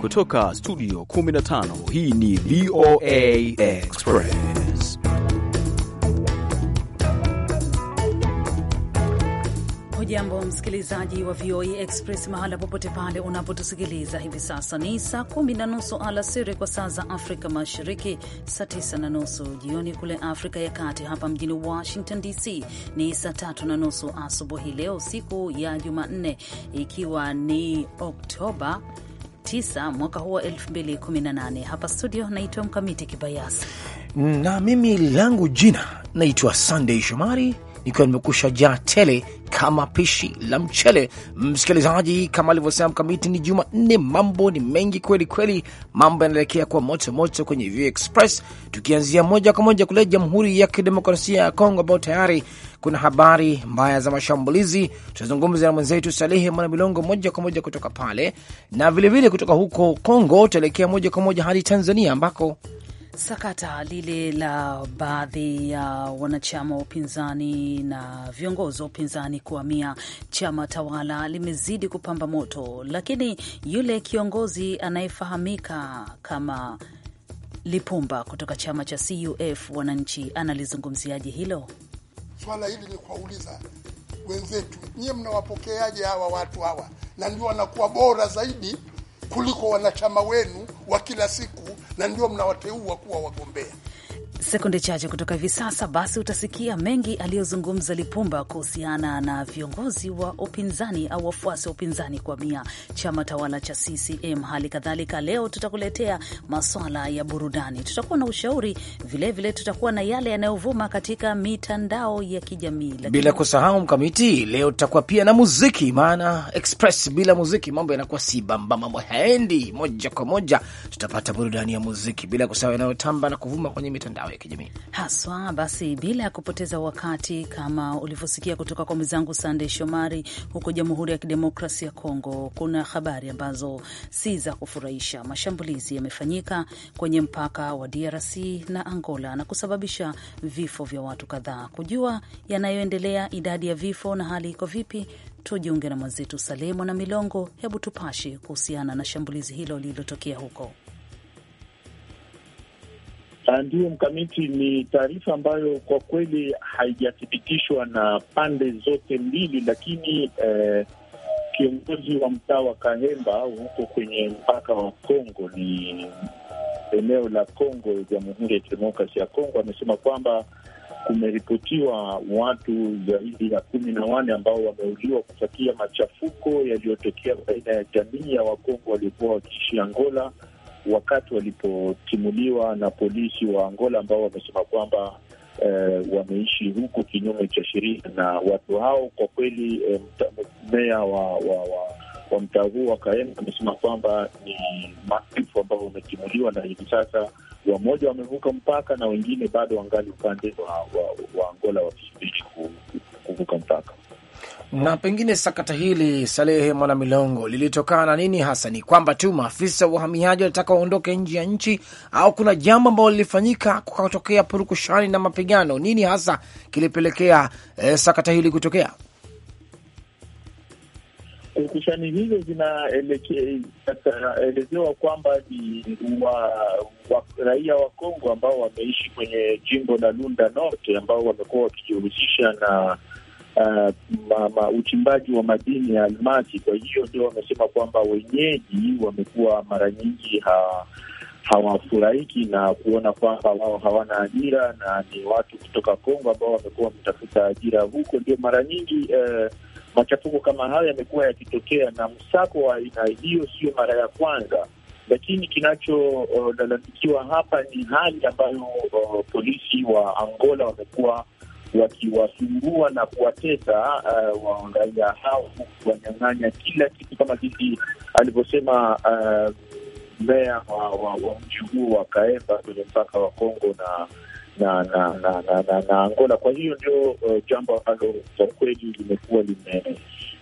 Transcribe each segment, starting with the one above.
Kutoka studio 15 hii ni VOA Express. Hujambo msikilizaji wa VOA Express mahala popote pale unapotusikiliza hivi sasa. Ni saa kumi na nusu alasiri kwa saa za Afrika Mashariki, saa tisa na nusu jioni kule Afrika ya Kati. Hapa mjini Washington DC ni saa tatu na nusu asubuhi. Leo siku ya Jumanne, ikiwa ni Oktoba 9 mwaka huu wa 2018. Hapa studio naitwa Mkamiti Kibayasi na mimi langu jina naitwa Sunday Shomari nikiwa nimekusha jaa tele kama pishi la mchele. Msikilizaji, kama alivyosema Mkamiti, ni Jumanne, mambo ni mengi kweli kweli, mambo yanaelekea kuwa moto moto kwenye View Express, tukianzia moja kwa moja kule Jamhuri ya Kidemokrasia ya Kongo, ambao tayari kuna habari mbaya za mashambulizi. Tutazungumza na mwenzetu Salehe Mwanamilongo moja kwa moja kutoka pale, na vilevile vile kutoka huko Kongo tutaelekea moja kwa moja hadi Tanzania ambako sakata lile la baadhi ya uh, wanachama wa upinzani na viongozi wa upinzani kuhamia chama tawala limezidi kupamba moto, lakini yule kiongozi anayefahamika kama Lipumba kutoka chama cha CUF wananchi analizungumziaje hilo swala? Hili ni kuwauliza wenzetu, nyie mnawapokeaje hawa watu hawa, na ndio wanakuwa bora zaidi kuliko wanachama wenu wa kila siku, na ndio mnawateua kuwa wagombea sekunde chache kutoka hivi sasa, basi utasikia mengi aliyozungumza Lipumba kuhusiana na viongozi wa upinzani au wafuasi wa upinzani kuhamia chama tawala cha CCM. Hali kadhalika leo tutakuletea maswala ya burudani, tutakuwa na ushauri vilevile, vile tutakuwa na yale yanayovuma katika mitandao ya kijamii lakini... bila kusahau mkamiti, leo tutakuwa pia na muziki, maana express bila muziki mambo yanakuwa si bamba, mambo haendi moja kwa moja. Tutapata burudani ya muziki, bila kusahau yanayotamba na kuvuma kwenye mitandao mitandao ya kijamii haswa. Basi bila ya kupoteza wakati, kama ulivyosikia kutoka kwa mwenzangu Sandey Shomari, huko Jamhuri ya Kidemokrasi ya Kongo kuna habari ambazo si za kufurahisha. Mashambulizi yamefanyika kwenye mpaka wa DRC na Angola na kusababisha vifo vya watu kadhaa. Kujua yanayoendelea, idadi ya vifo na hali iko vipi, tujiunge na mwenzetu Salemo na Milongo. Hebu tupashe kuhusiana na shambulizi hilo lililotokea huko. Ah, Ndiyo, Mkamiti, ni taarifa ambayo kwa kweli haijathibitishwa na pande zote mbili, lakini eh, kiongozi wa mtaa wa Kahemba huko kwenye mpaka wa Kongo, ni eneo la Kongo, Jamhuri ya Kidemokrasi ya Kongo, amesema kwamba kumeripotiwa watu zaidi ya kumi na wane ambao wameuliwa kufuatia machafuko yaliyotokea baina ya jamii ya Wakongo waliokuwa wakiishi Angola wakati walipotimuliwa na polisi wa Angola ambao wamesema kwamba eh, wameishi huko kinyume cha sheria, na watu hao kwa kweli eh, meya wa, wa, wa, wa mtaa huu wa Kaema amesema kwamba ni maelfu ambao wametimuliwa na hivi sasa wamoja wamevuka mpaka na wengine bado wangali upande wa, wa, wa Angola wakisubiri kuvuka mpaka. Na pengine sakata hili Salehe Mwanamilongo lilitokana na nini hasa? Ni kwamba tu maafisa wa uhamiaji walitaka waondoke nje ya nchi, au kuna jambo ambalo lilifanyika kukatokea purukushani na mapigano? Nini hasa kilipelekea eh, sakata hili kutokea? Purukushani hizo zinaelezewa kwamba ni wa, wa raia wa Kongo ambao wameishi kwenye jimbo la Lunda Norte ambao wamekuwa wakijihusisha na uh, ma, uchimbaji wa madini ya almasi. Kwa hiyo ndio wamesema kwamba wenyeji wamekuwa mara nyingi ha, hawafurahiki na kuona kwamba wao hawana ajira na ni watu kutoka Kongo ambao wamekuwa wametafuta ajira huko. Ndio mara nyingi uh, machafuko kama hayo yamekuwa yakitokea, na msako wa aina hiyo sio mara ya kwanza, lakini kinacholalamikiwa eh, uh, hapa ni hali ambayo uh, polisi wa Angola wamekuwa wakiwasumbua na kuwatesa uh, waangalia hao kuwanyang'anya kila kitu, kama jinsi alivyosema uh, meya wa mji huo wa Kaemba kwenye mpaka wa Kongo na na na na, na, na, na Angola. Kwa hiyo ndio uh, jambo ambalo kwa kweli limekuwa lime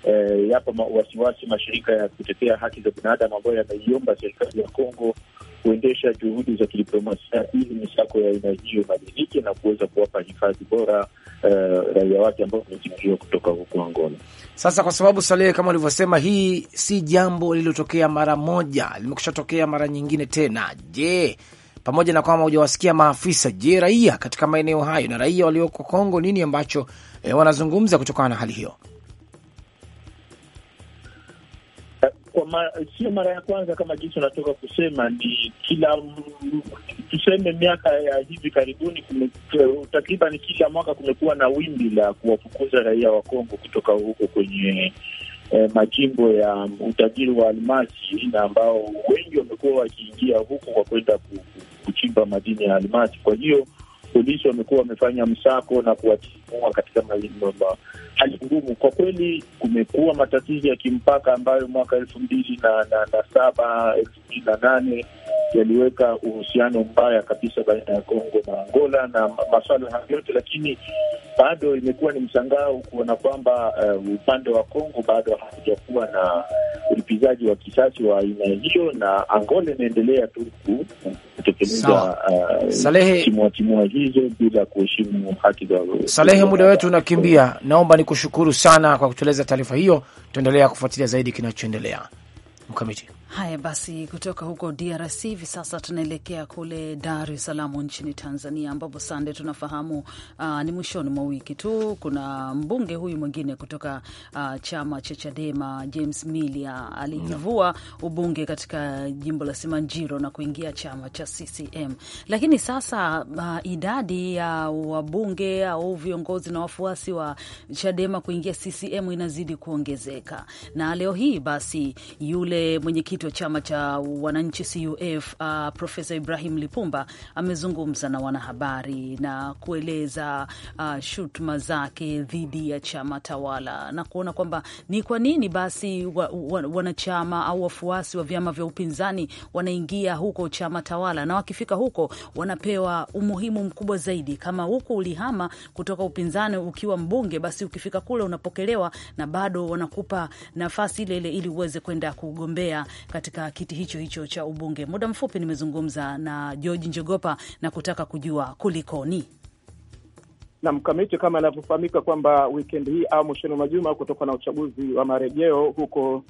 eh, uh, yapa wasiwasi mashirika ya kutetea haki za binadamu ambayo yameiomba serikali ya Kongo kuendesha juhudi za kidiplomasia ili misako ya aina hiyo ibadilike na kuweza kuwapa hifadhi bora uh, raia wake ambao wamezingiwa kutoka huku Angola. Sasa kwa sababu Salehe, kama ulivyosema, hii si jambo lililotokea mara moja, limekusha tokea mara nyingine tena. Je, pamoja na kwamba hujawasikia maafisa, je, raia katika maeneo hayo na raia walioko Kongo, nini ambacho eh, wanazungumza kutokana na hali hiyo? kwa ma, sio mara ya kwanza kama jinsi unatoka kusema, ni kila tuseme miaka ya hivi karibuni takriban kila mwaka kumekuwa na wimbi la kuwafukuza raia wa Kongo kutoka huko kwenye eh, majimbo ya utajiri wa almasi, na ambao wengi wamekuwa wakiingia huko kwa kwenda kuchimba madini ya almasi. Kwa hiyo polisi wamekuwa wamefanya msako na kuwatimua katika hali ngumu. Kwa kweli, kumekuwa matatizo ya kimpaka ambayo mwaka elfu mbili na, na, na saba elfu mbili na nane yaliweka uhusiano mbaya kabisa baina ya Kongo na Angola na maswala hayo yote, lakini bado imekuwa ni mshangao kuona kwamba uh, upande wa Kongo bado hakujakuwa na ulipizaji wa kisasi wa aina hiyo, na Angola inaendelea tu kutekeleza uh, hizo bila kuheshimu haki za Salehe. Muda wetu unakimbia, naomba ni kushukuru sana kwa kutueleza taarifa hiyo. Tutaendelea kufuatilia zaidi kinachoendelea mkamiti. Haya basi, kutoka huko DRC hivi sasa tunaelekea kule Dar es Salaam nchini Tanzania, ambapo Sande tunafahamu uh, ni mwishoni mwa wiki tu kuna mbunge huyu mwingine kutoka uh, chama cha Chadema James Milia alijivua ubunge katika jimbo la Simanjiro na kuingia chama cha CCM, lakini sasa uh, idadi ya uh, wabunge au uh, viongozi na wafuasi wa Chadema kuingia CCM inazidi kuongezeka, na leo hii basi yule mwenyekiti wa chama cha wananchi CUF uh, Profesa Ibrahim Lipumba amezungumza na wanahabari na kueleza uh, shutuma zake dhidi ya chama tawala na kuona kwamba ni kwa nini basi wa, wa, wanachama au wafuasi wa vyama vya upinzani wanaingia huko chama tawala, na wakifika huko wanapewa umuhimu mkubwa zaidi. Kama huku ulihama kutoka upinzani ukiwa mbunge, basi ukifika kule unapokelewa na bado wanakupa nafasi ile ile ili uweze kwenda kugombea katika kiti hicho hicho cha ubunge. Muda mfupi nimezungumza na George Njogopa na kutaka kujua kulikoni na mkamiti kama inavyofahamika kwamba wikendi hii au mwishoni mwa juma kutoka na uchaguzi wa marejeo huko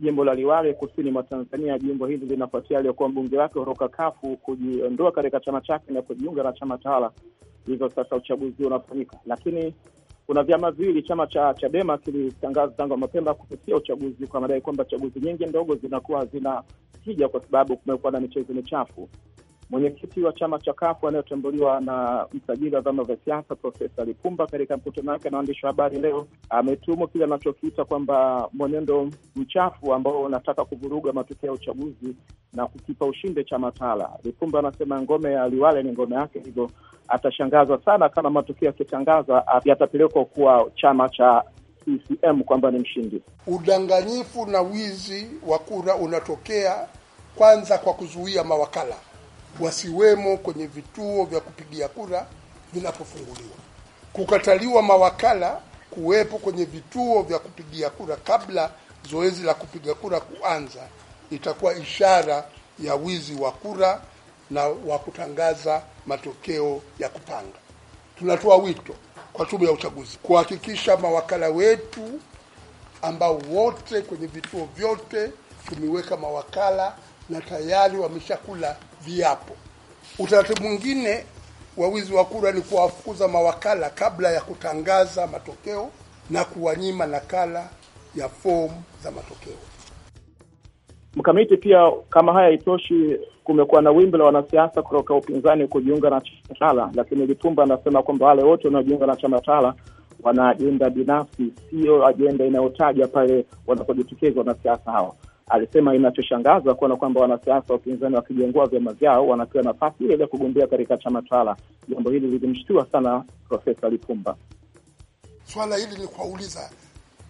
jimbo la Liwale kusini mwa Tanzania. Jimbo hili linafuatia aliyokuwa mbunge wake kutoka kafu kujiondoa katika chama chake na kujiunga na chama tawala, hivyo sasa uchaguzi unafanyika. Lakini kuna vyama viwili, chama cha Chadema kilitangaza tangu mapema kususia uchaguzi kwa madai kwamba chaguzi nyingi ndogo zinakuwa hazina tija kwa sababu kumekuwa na michezo michafu. Mwenyekiti wa chama cha Kafu anayotambuliwa na msajili wa vyama vya siasa Profesa Lipumba, katika mkutano wake na waandishi wa habari leo, ametumwa kile anachokiita kwamba mwenendo mchafu ambao unataka kuvuruga matokeo ya uchaguzi na kukipa ushindi chama tawala. Lipumba anasema ngome ya Liwale ni ngome yake, hivyo atashangazwa sana kama matokeo yakitangazwa yatapelekwa kuwa chama cha CCM kwamba ni mshindi. Udanganyifu na wizi wa kura unatokea kwanza kwa kuzuia mawakala wasiwemo kwenye vituo vya kupigia kura vinapofunguliwa, kukataliwa mawakala kuwepo kwenye vituo vya kupigia kura kabla zoezi la kupiga kura kuanza, itakuwa ishara ya wizi wa kura na wa kutangaza matokeo ya kupanga. Tunatoa wito kwa Tume ya Uchaguzi kuhakikisha mawakala wetu ambao wote kwenye vituo vyote tumeweka mawakala na tayari wameshakula viapo. Utaratibu mwingine wa wizi wa kura ni kuwafukuza mawakala kabla ya kutangaza matokeo na kuwanyima nakala ya fomu za matokeo. Mkamiti, pia kama haya itoshi, kumekuwa na wimbi la wanasiasa kutoka upinzani kujiunga na chama tawala, lakini Lipumba anasema kwamba wale wote wanaojiunga na chama tawala wana ajenda binafsi, siyo ajenda inayotaja pale wanapojitokeza wanasiasa hao alisema inachoshangaza kuona kwamba wanasiasa wa upinzani wakijengua vyama vyao wanapewa nafasi ile ya kugombea katika chama tawala. Jambo hili lilimshtua sana Profesa Lipumba. Swala hili ni kuwauliza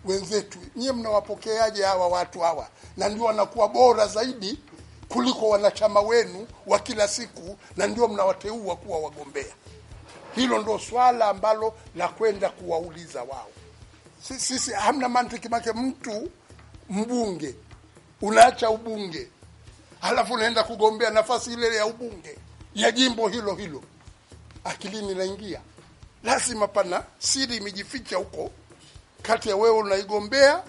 wenzetu, nyie mnawapokeaje hawa watu hawa, na ndio wanakuwa bora zaidi kuliko wanachama wenu wa kila siku, na ndio mnawateua kuwa wagombea. Hilo ndo swala ambalo la kwenda kuwauliza wao. Sisi hamna mantiki make mtu mbunge unaacha ubunge halafu unaenda kugombea nafasi ile ya ubunge ya jimbo hilo hilo, akilini naingia, lazima pana siri imejificha huko kati ya wewe unaigombea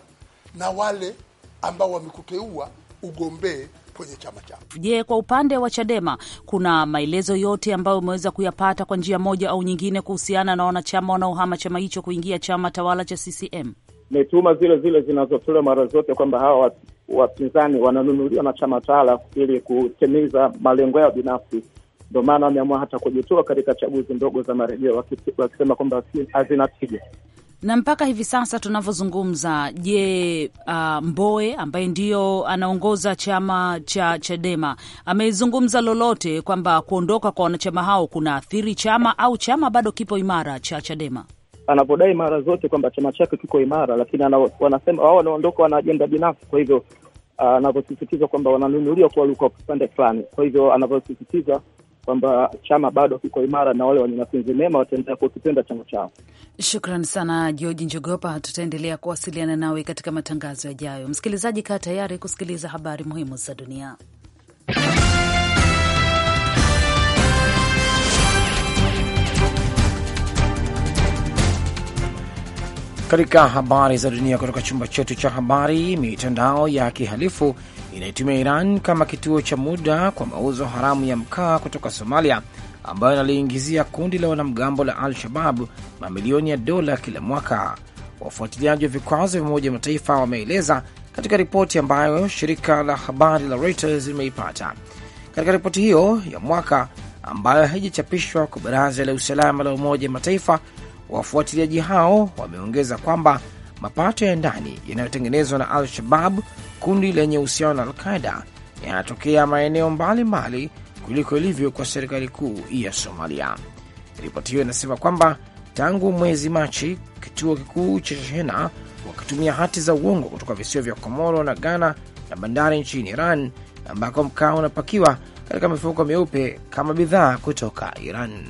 na wale ambao wamekuteua ugombee kwenye chama chao. Je, kwa upande wa Chadema kuna maelezo yote ambayo umeweza kuyapata kwa njia moja au nyingine kuhusiana na wanachama wanaohama chama hicho kuingia chama tawala cha CCM? Ni tuma zile zile zinazotolewa mara zote kwamba hawa wapinzani wananunuliwa na chama tawala ili kutimiza malengo yao binafsi. Ndio maana wameamua hata kujitoa katika chaguzi ndogo za marejeo, wakisema kwamba hazina tija na mpaka hivi sasa tunavyozungumza, je, uh, Mboe ambaye ndiyo anaongoza chama cha Chadema amezungumza lolote kwamba kuondoka kwa wanachama hao kuna athiri chama au chama bado kipo imara cha Chadema? anavyodai mara zote kwamba chama chake kiko imara, lakini wanasema wao wanaondoka, wana ajenda binafsi. Kwa hivyo ah, anavyosisitiza kwamba wananunuliwa kuwaruka kipande fulani, kwa hivyo anavyosisitiza kwamba chama bado kiko imara na wale wenye mapenzi mema wataendelea kukipenda chama chao. Shukran sana George Njogopa, tutaendelea kuwasiliana nawe katika matangazo yajayo. Msikilizaji, kaa tayari kusikiliza habari muhimu za dunia. Katika habari za dunia kutoka chumba chetu cha habari, mitandao ya kihalifu inaitumia Iran kama kituo cha muda kwa mauzo haramu ya mkaa kutoka Somalia, ambayo inaliingizia kundi la wanamgambo la Al-Shababu mamilioni ya dola kila mwaka. Wafuatiliaji wa vikwazo vya Umoja Mataifa wameeleza katika ripoti ambayo shirika la habari la Reuters limeipata. Katika ripoti hiyo ya mwaka ambayo haijachapishwa kwa Baraza la Usalama la Umoja Mataifa Wafuatiliaji hao wameongeza kwamba mapato ya ndani yanayotengenezwa na Al-Shabab, kundi lenye uhusiano na Al-Qaida, yanatokea maeneo mbalimbali kuliko ilivyo kwa serikali kuu ya Somalia. Ripoti hiyo inasema kwamba tangu mwezi Machi, kituo kikuu cha shehena wakitumia hati za uongo kutoka visiwa vya Komoro na Ghana na bandari nchini Iran ambako mkaa unapakiwa katika mifuko meupe kama bidhaa kutoka Iran.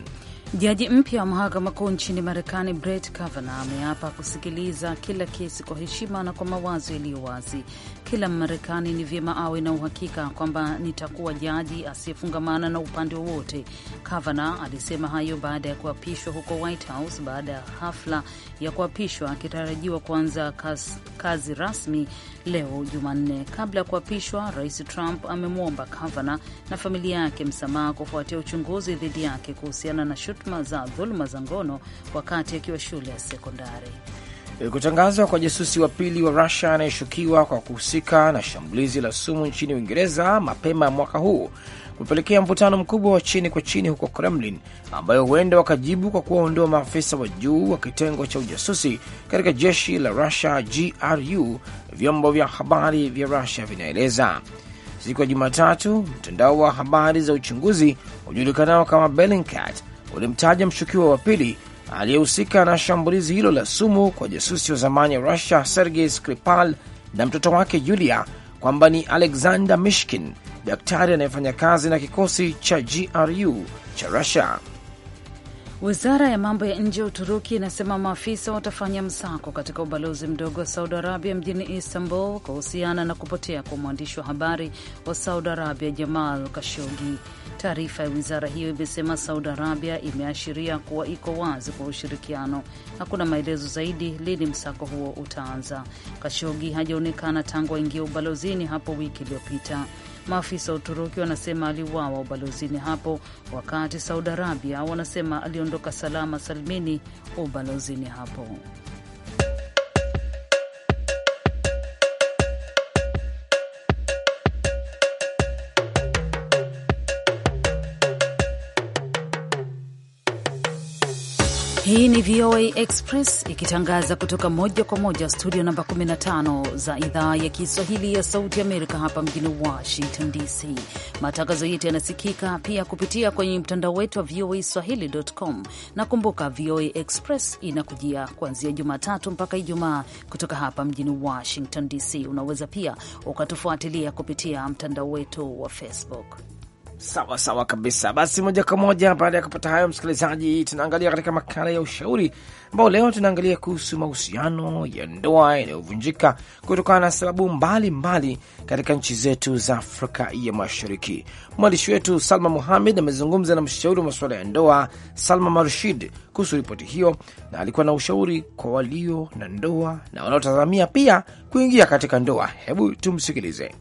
Jaji mpya wa mahakama kuu nchini Marekani Brett Kavanaugh ameapa kusikiliza kila kesi kwa heshima na kwa mawazo yaliyo wazi. Kila marekani ni vyema awe na uhakika kwamba nitakuwa jaji asiyefungamana na upande wowote. Kavanaugh alisema hayo baada ya kuapishwa huko White House, baada ya hafla ya kuapishwa akitarajiwa kuanza kazi, kazi rasmi leo Jumanne. Kabla ya kuapishwa, Rais Trump amemwomba Kavanaugh na familia yake msamaha kufuatia uchunguzi dhidi yake kuhusiana na shutuma za dhuluma za ngono wakati akiwa shule ya sekondari. E, kutangazwa kwa jasusi wa pili wa Rusia anayeshukiwa kwa kuhusika na shambulizi la sumu nchini Uingereza mapema ya mwaka huu kupelekea mvutano mkubwa wa chini kwa chini huko Kremlin, ambayo huenda wakajibu kwa kuwaondoa maafisa wa juu wa kitengo cha ujasusi katika jeshi la Rusia GRU, vyombo vya habari vya Rusia vinaeleza. Siku ya Jumatatu, mtandao wa habari za uchunguzi ujulikanao kama Bellingcat ulimtaja mshukiwa wa pili aliyehusika na shambulizi hilo la sumu kwa jasusi wa zamani wa Russia Sergei Skripal na mtoto wake Yulia kwamba ni Alexander Mishkin, daktari anayefanya kazi na kikosi cha GRU cha Russia. Wizara ya mambo ya nje ya Uturuki inasema maafisa watafanya msako katika ubalozi mdogo wa Saudi Arabia mjini Istanbul kuhusiana na kupotea kwa mwandishi wa habari wa Saudi Arabia Jamal Kashogi. Taarifa ya wizara hiyo imesema Saudi Arabia imeashiria kuwa iko wazi kwa ushirikiano. Hakuna maelezo zaidi lini msako huo utaanza. Kashogi hajaonekana tangu aingia ubalozini hapo wiki iliyopita. Maafisa wa Uturuki wanasema aliuawa ubalozini hapo, wakati Saudi Arabia wanasema aliondoka salama salmini ubalozini hapo. Hii ni VOA Express ikitangaza kutoka moja kwa moja studio namba 15 za idhaa ya Kiswahili ya Sauti Amerika hapa mjini Washington DC. Matangazo yetu yanasikika pia kupitia kwenye mtandao wetu wa VOA Swahili.com, na kumbuka VOA Express inakujia kuanzia Jumatatu mpaka Ijumaa kutoka hapa mjini Washington DC. Unaweza pia ukatufuatilia kupitia mtandao wetu wa Facebook. Sawa sawa kabisa. Basi moja kwa moja, baada ya kupata hayo, msikilizaji, tunaangalia katika makala ya ushauri, ambao leo tunaangalia kuhusu mahusiano ya ndoa yanayovunjika kutokana na sababu mbalimbali katika nchi zetu za Afrika ya Mashariki. Mwandishi wetu Salma Muhamed amezungumza na mshauri wa masuala ya ndoa Salma Marshid kuhusu ripoti hiyo, na alikuwa na ushauri kwa walio na ndoa na wanaotazamia pia kuingia katika ndoa. Hebu tumsikilize.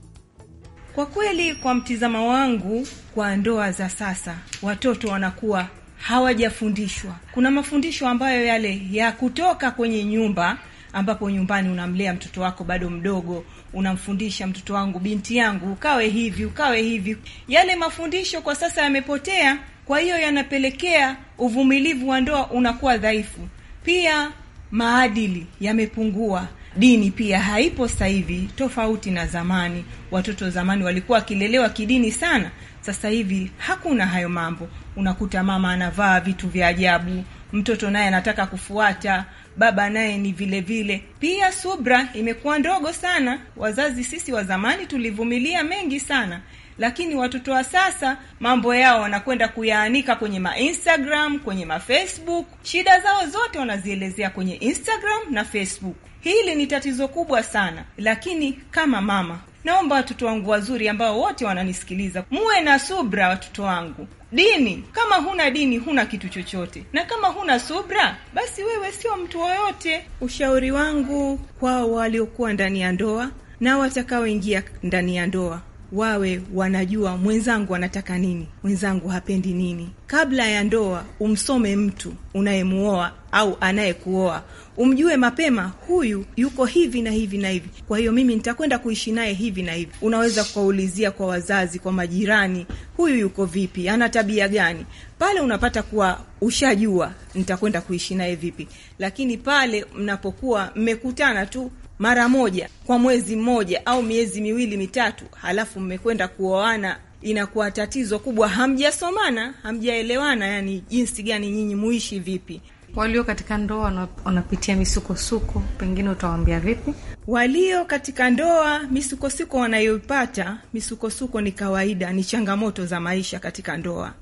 Kwa kweli, kwa mtizamo wangu, kwa ndoa za sasa watoto wanakuwa hawajafundishwa. Kuna mafundisho ambayo yale ya kutoka kwenye nyumba ambapo nyumbani unamlea mtoto wako bado mdogo, unamfundisha mtoto wangu, binti yangu, ukawe hivi, ukawe hivi. Yale mafundisho kwa sasa yamepotea, kwa hiyo yanapelekea uvumilivu wa ndoa unakuwa dhaifu. Pia maadili yamepungua dini pia haipo sasa hivi, tofauti na zamani. Watoto zamani walikuwa wakilelewa kidini sana, sasa hivi hakuna hayo mambo. Unakuta mama anavaa vitu vya ajabu, mtoto naye anataka kufuata, baba naye ni vile vile. Pia subra imekuwa ndogo sana. Wazazi sisi wa zamani tulivumilia mengi sana, lakini watoto wa sasa mambo yao wanakwenda kuyaanika kwenye mainstagram, kwenye mafacebook. Shida zao zote wanazielezea kwenye Instagram na Facebook. Hili ni tatizo kubwa sana, lakini kama mama naomba watoto wangu wazuri ambao wote wananisikiliza, muwe na subra watoto wangu. Dini, kama huna dini huna kitu chochote, na kama huna subra basi wewe sio mtu woyote Ushauri wangu kwao waliokuwa ndani ya ndoa na watakaoingia ndani ya ndoa wawe wanajua mwenzangu anataka nini, mwenzangu hapendi nini. Kabla ya ndoa, umsome mtu unayemuoa au anayekuoa, umjue mapema, huyu yuko hivi na hivi na hivi, kwa hiyo mimi nitakwenda kuishi naye hivi na hivi. Unaweza kuwaulizia kwa wazazi, kwa majirani, huyu yuko vipi, ana tabia gani? Pale unapata kuwa ushajua nitakwenda kuishi naye vipi. Lakini pale mnapokuwa mmekutana tu mara moja kwa mwezi mmoja au miezi miwili mitatu, halafu mmekwenda kuoana, inakuwa tatizo kubwa. Hamjasomana, hamjaelewana, yani jinsi gani nyinyi muishi vipi. Walio katika ndoa wanapitia misukosuko, pengine utawaambia vipi? Walio katika ndoa, misukosuko wanayoipata, misukosuko ni kawaida, ni changamoto za maisha katika ndoa.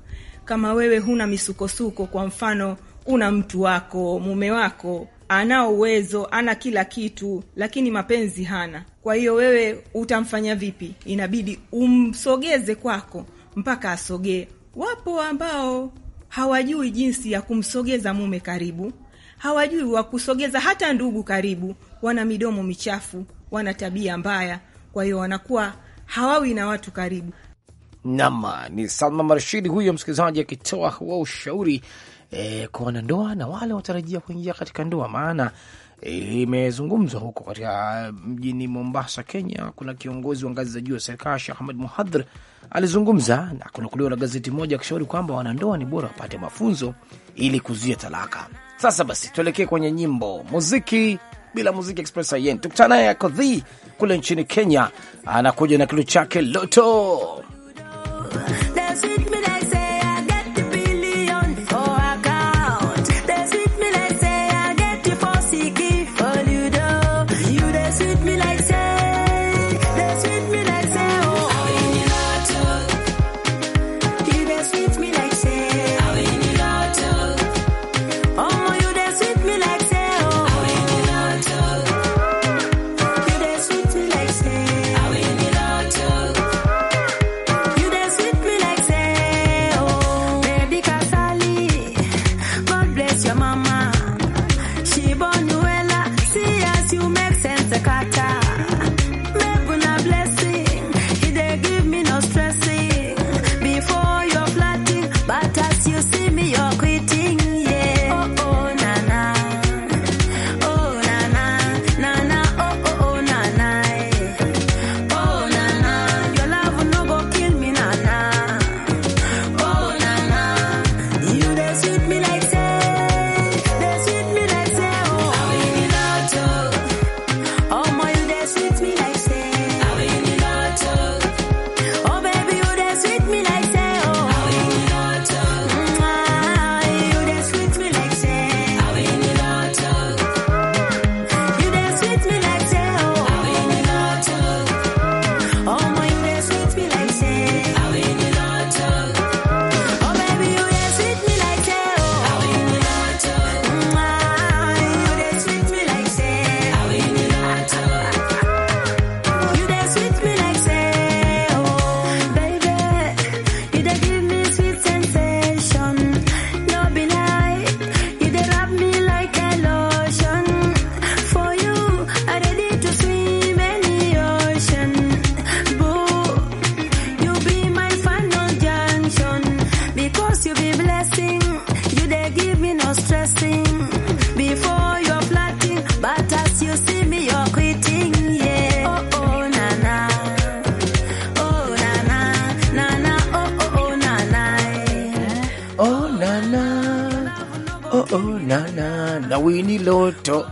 Kama wewe huna misukosuko, kwa mfano, una mtu wako, mume wako anao uwezo, ana kila kitu, lakini mapenzi hana. Kwa hiyo wewe utamfanya vipi? Inabidi umsogeze kwako mpaka asogee. Wapo ambao hawajui jinsi ya kumsogeza mume karibu, hawajui wa kusogeza hata ndugu karibu. Wana midomo michafu, wana tabia mbaya, kwa hiyo wanakuwa hawawi na watu karibu. Nama ni Salma Marshidi huyo msikilizaji akitoa huo ushauri e, kuona ndoa na wale watarajia kuingia katika ndoa. Maana e, imezungumzwa e, huko katika eh, mjini Mombasa, Kenya. Kuna kiongozi wa ngazi za juu ya serikali Sheikh Ahmed Muhadhir alizungumza na kunukuliwa na gazeti moja akishauri kwamba wanandoa ni bora wapate mafunzo ili kuzuia talaka. Sasa basi, tuelekee kwenye nyimbo muziki. Bila muziki Express Ayen, tukutana naye Akodhi kule nchini Kenya, anakuja na kitu chake Loto.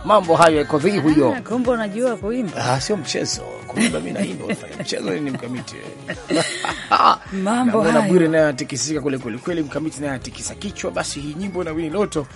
mambo hayo yako vii huyo. Kumbe unajua kuimba? Ah, sio mchezo kuimba, mimi naimba mchezo ni mkamiti mambo hayo. Na Bwire naye atikisika kule kule. kweli, mkamiti naye atikisa kichwa. Basi hii nyimbo na Wini Loto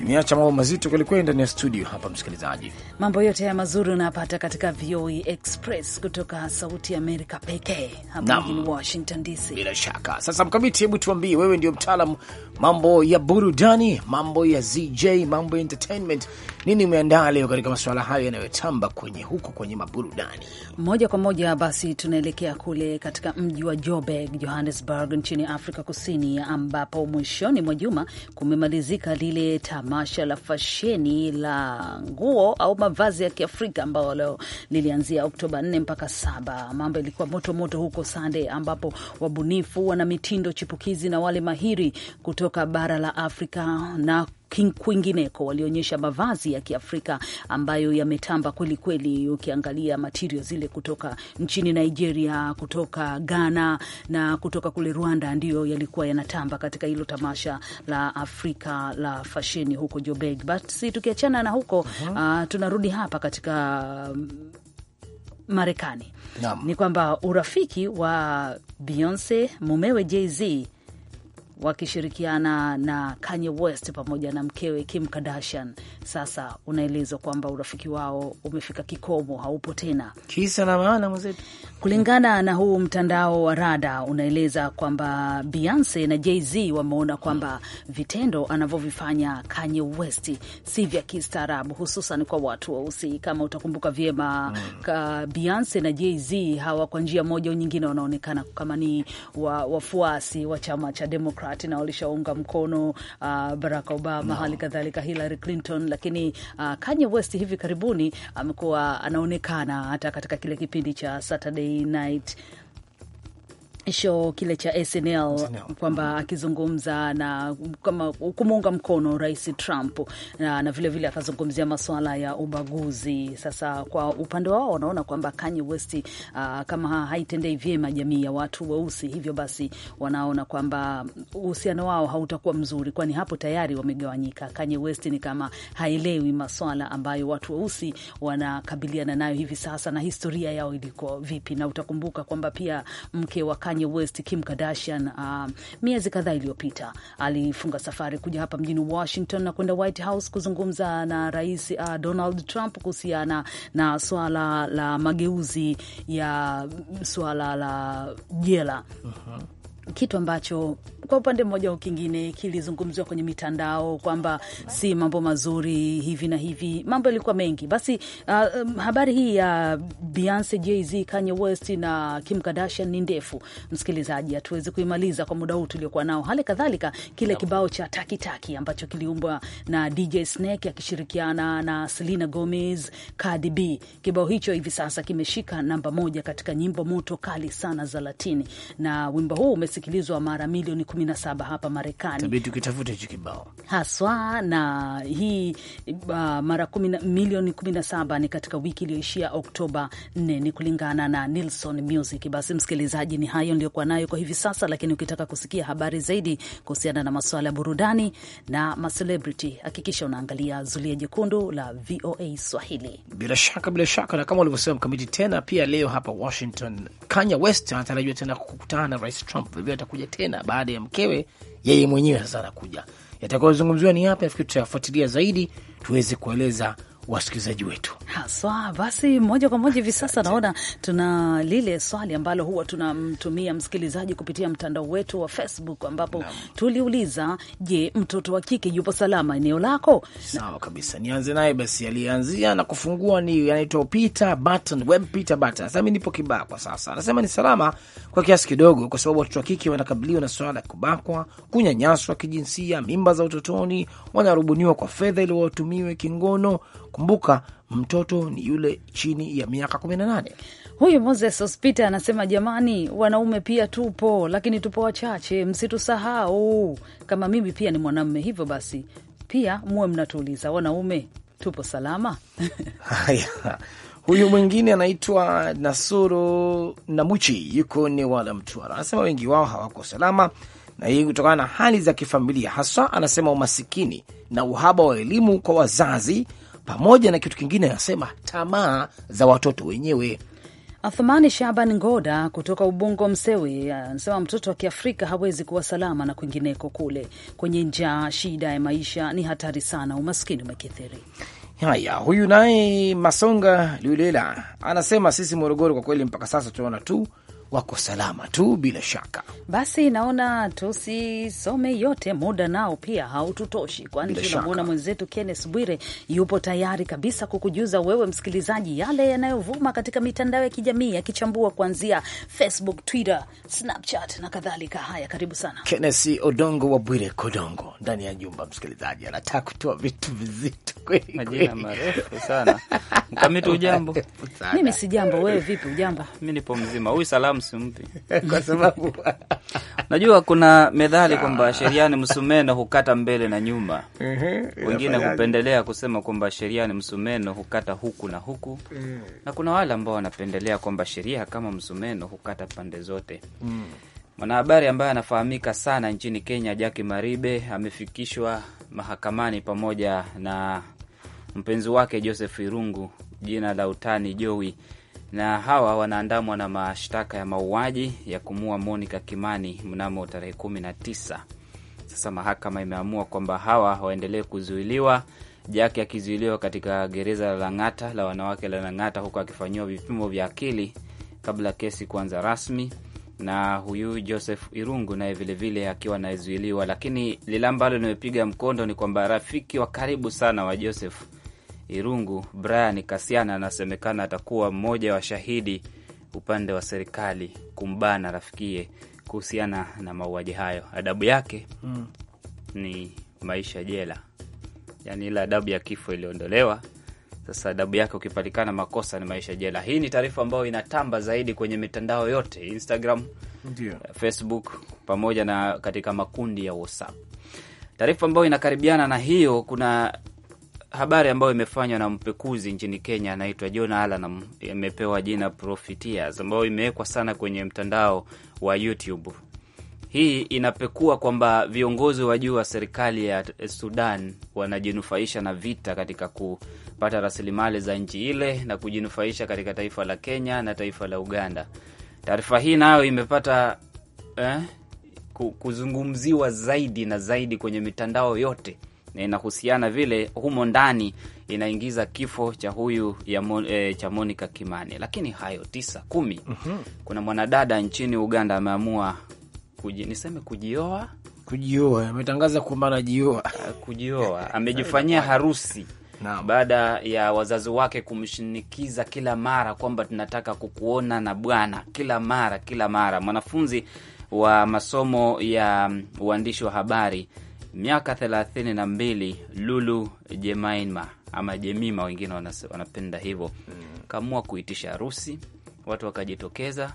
imeacha mambo mazito kweli kweli ndani ya studio hapa, msikilizaji. Mambo yote ya mazuri unapata katika VOE Express kutoka Sauti ya Amerika pekee hapa mjini Washington DC. Bila shaka. Sasa mkamiti, hebu tuambie wewe, ndio mtaalamu mambo ya burudani, mambo ya ZJ, mambo ya entertainment nini umeandaa leo katika masuala hayo yanayotamba kwenye huko kwenye maburudani? Moja kwa moja basi tunaelekea kule katika mji wa Joburg, Johannesburg, nchini Afrika Kusini, ambapo mwishoni mwa juma kumemalizika lile tamasha la fasheni la nguo au mavazi ya Kiafrika ambao leo lilianzia Oktoba 4 mpaka saba Mambo ilikuwa moto moto huko Sande, ambapo wabunifu wana mitindo chipukizi na wale mahiri kutoka bara la Afrika na kwingineko walionyesha mavazi ya Kiafrika ambayo yametamba kwelikweli. Ukiangalia matirio zile kutoka nchini Nigeria, kutoka Ghana na kutoka kule Rwanda, ndiyo yalikuwa yanatamba katika hilo tamasha la Afrika la fasheni huko Joburg. Basi tukiachana na huko uh -huh. uh, tunarudi hapa katika mm, Marekani. Naam. Ni kwamba urafiki wa Beyonce mumewe Jay-Z wakishirikiana na Kanye West pamoja na mkewe Kim Kardashian. Sasa unaelezwa kwamba urafiki wao umefika kikomo, haupo tena, kisa na maana mwenzetu. Kulingana na huu mtandao wa Rada unaeleza kwamba Beyonce na Jay-Z wameona kwamba vitendo anavyovifanya Kanye West si vya kistaarabu, hususan kwa watu weusi. Kama utakumbuka vyema mm. Beyonce na Jay-Z hawa kwa njia moja au nyingine wanaonekana kama ni wafuasi wa chama cha Demokrat Demokrat na walishaunga mkono uh, Barack Obama no. hali kadhalika Hillary Clinton, lakini uh, Kanye West hivi karibuni amekuwa anaonekana hata katika kile kipindi cha Saturday Night show kile cha SNL, kwamba mm-hmm. akizungumza na kama kumuunga mkono Rais Trump na, na vile vile akazungumzia masuala ya ubaguzi. Sasa kwa upande wao wanaona kwamba Kanye West uh, kama haitendei vyema jamii ya watu weusi, hivyo basi wanaona kwamba uhusiano wao hautakuwa mzuri, kwani hapo tayari wamegawanyika. Kanye West ni kama haelewi masuala ambayo watu weusi wanakabiliana nayo hivi sasa na historia yao ilikuwa vipi, na utakumbuka kwamba pia mke wa Kanye Kanye West, Kim Kardashian, uh, miezi kadhaa iliyopita alifunga safari kuja hapa mjini Washington na kwenda White House kuzungumza na Rais uh, Donald Trump kuhusiana na swala la mageuzi ya swala la jela uh -huh kitu ambacho kwa upande mmoja au kingine kilizungumziwa kwenye mitandao kwamba si mambo mazuri hivi na hivi, mambo yalikuwa mengi. Basi uh, um, habari hii ya Beyonce, Jay-Z, Kanye West na Kim Kardashian ni ndefu, msikilizaji, hatuwezi kuimaliza kwa muda huu tuliokuwa nao. Hali kadhalika kile kibao cha takitaki ambacho kiliumbwa na DJ Snake akishirikiana na Selena Gomez, Cardi B, kibao hicho hivi sasa kimeshika namba moja katika nyimbo moto kali sana za Latini na wimbo huu inasikilizwa mara milioni 17 hapa Marekani. tabidi ukitafute hicho kibao haswa, na hii uh, mara kumina, milioni 17 ni katika wiki iliyoishia Oktoba 4, ni kulingana na Nilson Music. Basi msikilizaji, ni hayo niliyokuwa nayo kwa hivi sasa, lakini ukitaka kusikia habari zaidi kuhusiana na masuala ya burudani na macelebrity, hakikisha unaangalia Zulia Jekundu la VOA Swahili. Bila shaka, bila shaka, na kama ulivyosema Mkamiti, tena pia leo hapa Washington Kanye West anatarajiwa tena kukutana na Rais Trump, vilevile atakuja tena baada ya mkewe, yeye mwenyewe sasa anakuja. Yatakayozungumziwa ni yapi? Nafikiri tutayafuatilia zaidi tuweze kueleza wasikilizaji wetu haswa. Basi moja kwa moja hivi sasa naona tuna lile swali ambalo huwa tunamtumia msikilizaji kupitia mtandao wetu wa Facebook, ambapo Naam. tuliuliza je, mtoto wa kike yupo salama eneo lako? Sawa kabisa, nianze naye basi. Aliyeanzia na kufungua ni anaitwa Peter Button, web Peter Button. Sasa mimi nipo kwa sasa, anasema ni salama kwa kiasi kidogo, kwa sababu watoto wa kike wanakabiliwa na swala ya kubakwa, kunyanyaswa kijinsia, mimba za utotoni, wanarubuniwa kwa fedha ili watumiwe kingono. Kumbuka mtoto ni yule chini ya miaka 18. Huyu Moses Ospita anasema jamani, wanaume pia tupo, lakini tupo wachache, msitusahau. Kama mimi pia ni mwanaume hivyo basi pia muwe mnatuuliza, wanaume tupo salama? Haya, huyu mwingine anaitwa Nasuru Namuchi, yuko ni wala Mtwara, anasema wengi wao hawako salama, na hii kutokana na hali za kifamilia, haswa anasema umasikini na uhaba wa elimu kwa wazazi pamoja na kitu kingine, anasema tamaa za watoto wenyewe. Athmani Shaban Ngoda kutoka Ubungo Msewe anasema mtoto wa Kiafrika hawezi kuwa salama na kwingineko kule kwenye njaa, shida ya maisha ni hatari sana, umaskini umekithiri. Haya, huyu naye Masonga Lulela anasema sisi Morogoro kwa kweli mpaka sasa tunaona tu wako salama tu bila shaka. Basi naona tusisome yote, muda nao pia haututoshi, kwani tunamwona mwenzetu Kennes Bwire yupo tayari kabisa kukujuza wewe msikilizaji yale yanayovuma katika mitandao ya kijamii, akichambua kuanzia Facebook, Twitter, Snapchat na kadhalika. Haya, karibu sana Kennes Odongo wa Bwire Kodongo ndani ya nyumba. Msikilizaji anataka kutoa vitu vizito kweli, majina marefu sana. Mkamiti ujambo? Mimi si jambo, wewe vipi? Ujambo? Mi nipo mzima. Huyu salama Wala msimpi kwa sababu najua kuna methali kwamba ah. sheria ni msumeno hukata mbele na nyuma. Mhm, Wengine hupendelea kusema kwamba sheria ni msumeno hukata huku na huku, mm. na kuna wale ambao wanapendelea kwamba sheria kama msumeno hukata pande zote. Mm. Mwanahabari ambaye anafahamika sana nchini Kenya, Jaki Maribe amefikishwa mahakamani pamoja na mpenzi wake Joseph Irungu, jina la utani joi na hawa wanaandamwa na mashtaka ya mauaji ya kumua Monica Kimani mnamo tarehe kumi na tisa. Sasa mahakama imeamua kwamba hawa waendelee kuzuiliwa, Jaki akizuiliwa katika gereza la Lang'ata la wanawake la Lang'ata, huku akifanyiwa vipimo vya akili kabla kesi kuanza rasmi, na huyu Joseph Irungu naye vilevile akiwa anayezuiliwa. Lakini lile ambalo limepiga mkondo ni kwamba rafiki wa karibu sana wa Joseph Irungu, Brian Kasiana anasemekana atakuwa mmoja wa shahidi upande wa serikali kumbana rafikie kuhusiana na mauaji hayo. Adabu yake mm, ni maisha jela, yaani ile adabu ya kifo iliondolewa. Sasa adabu yake ukipatikana makosa ni maisha jela. Hii ni taarifa ambayo inatamba zaidi kwenye mitandao yote, Instagram, ndiyo, Facebook pamoja na katika makundi ya WhatsApp. Taarifa ambayo inakaribiana na hiyo, kuna habari ambayo imefanywa na mpekuzi nchini Kenya anaitwa John Allan, imepewa jina Profiteers, ambayo imewekwa sana kwenye mtandao wa YouTube. Hii inapekua kwamba viongozi wa juu wa serikali ya Sudan wanajinufaisha na vita katika kupata rasilimali za nchi ile na kujinufaisha katika taifa la Kenya na taifa la Uganda. Taarifa hii nayo imepata eh, kuzungumziwa zaidi na zaidi kwenye mitandao yote na inahusiana vile humo ndani inaingiza kifo cha huyu ya mon, e, cha Monica Kimani. Lakini hayo tisa kumi, mm -hmm. kuna mwanadada nchini Uganda ameamua kuji, niseme kujioa kujioa, ametangaza kwamba anajioa ah, kujioa, amejifanyia harusi baada ya wazazi wake kumshinikiza kila mara kwamba tunataka kukuona na bwana, kila mara kila mara. Mwanafunzi wa masomo ya uandishi wa habari miaka thelathini na mbili Lulu Jemaima ama Jemima, wengine wanapenda hivyo mm. Kaamua kuitisha harusi, watu wakajitokeza,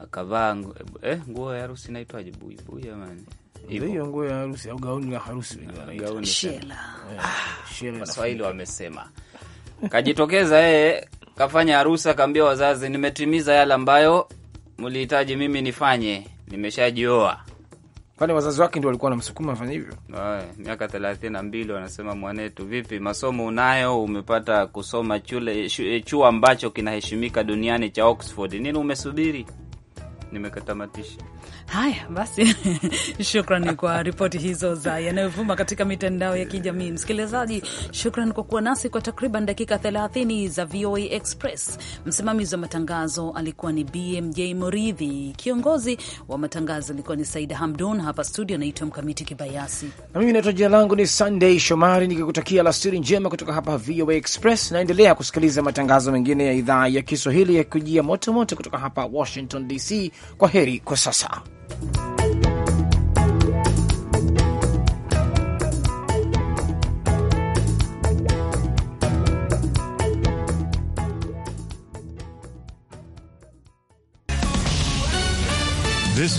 akavaa eh, nguo ya harusi inaitwaje? Buibui amani hiyo nguo ya harusi au gauni la harusi, ah, eh, ah, Waswahili wamesema. Kajitokeza yeye kafanya harusi, akaambia wazazi, nimetimiza yale ambayo mlihitaji mimi nifanye, nimeshajioa kwani wazazi wake ndio walikuwa wanamsukuma afanya hivyo. Miaka thelathini na mbili wanasema mwanetu, vipi masomo unayo, umepata kusoma chule, eh, eh, chuo ambacho kinaheshimika duniani cha Oxford, nini umesubiri? nimekatamatisha. Haya basi, shukran kwa ripoti hizo za yanayovuma katika mitandao ya kijamii. Msikilizaji, shukran kwa kuwa nasi kwa takriban dakika 30 za VOA Express. Msimamizi wa matangazo alikuwa ni BMJ Moridhi, kiongozi wa matangazo alikuwa ni Saida Hamdun. Hapa studio anaitwa Mkamiti Kibayasi na mimi naitwa, jina langu ni Sunday Shomari, nikikutakia alasiri njema kutoka hapa VOA Express. Naendelea kusikiliza matangazo mengine ya idhaa ya Kiswahili yakujia motomoto kutoka hapa Washington DC. Kwa heri kwa sasa. This is